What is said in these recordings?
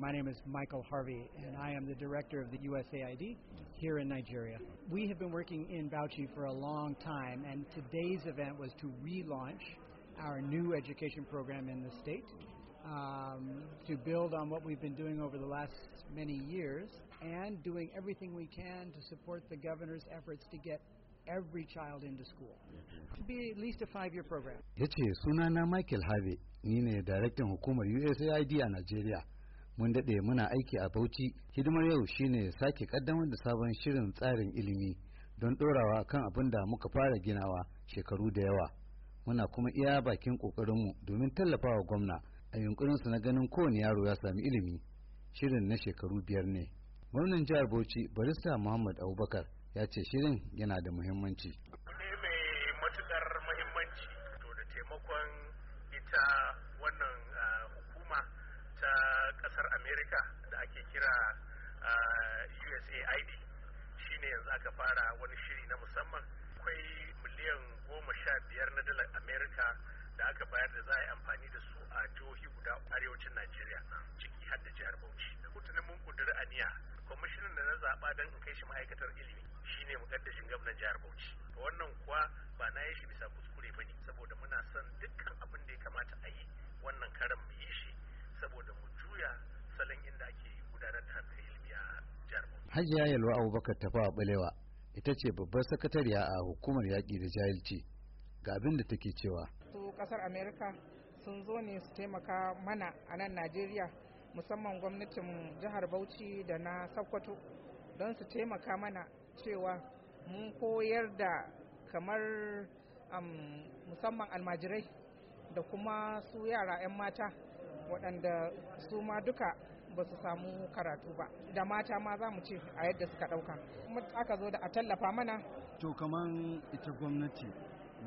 My name is Michael Harvey, and I am the director of the USAID here in Nigeria. We have been working in Bauchi for a long time, and today's event was to relaunch our new education program in the state um, to build on what we've been doing over the last many years and doing everything we can to support the governor's efforts to get every child into school. To be at least a five-year program. yace sunana Michael Harvey ni ne director hukumar USAID a Nigeria. mun daɗe muna aiki a bauchi hidimar yau shine sake kaddamar da sabon shirin tsarin ilimi don ɗorawa kan abin da muka fara ginawa shekaru da yawa muna kuma iya bakin ƙoƙarinmu domin tallafawa gwamna a yunkurinsu na ganin kowane yaro ya sami ilimi shirin na shekaru biyar ne gwamnan jihar bauchi barista muhammad abubakar ya ce shirin yana da muhimmanci ne mai matuƙar muhimmanci to da taimakon ita wannan da usaid shine yanzu aka fara wani shiri na musamman akwai miliyan goma sha biyar na dalar amerika da aka bayar da za a yi amfani da su a jihohi guda arewacin najeriya ciki har da jihar bauchi da kutunan mun kudura aniya kwamishinan da na zaɓa don in kai shi ma'aikatar ilimi shine mukaddashin gwamnan jihar bauchi wannan kuwa ba na yi shi bisa kuskure ba ne saboda muna son dukkan abin hajiya yalwa abubakar a balewa ita ce babbar sakatariya a hukumar yaƙi da jahilci ga abin da take cewa su ƙasar america sun zo ne su taimaka mana a nan najeriya musamman gwamnatin jihar bauchi da na sokoto don su taimaka mana cewa mun koyar da kamar musamman almajirai da kuma su yara 'yan mata waɗanda su ma duka ba su samu karatu ba da mata ma za mu ce a yadda suka ɗauka aka zo da a tallafa mana to kaman ita gwamnati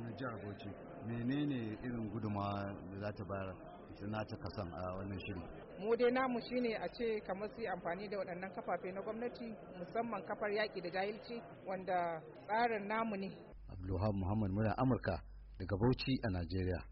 na jihar bauchi menene irin guduma da za ta bayar ita na kasan a wannan shirin mu dai namu shine a ce kamar su amfani da waɗannan kafafe na gwamnati musamman kafar yaƙi da jahilci wanda tsarin namu ne abdulhamu muhammad muna amurka daga bauchi a najeriya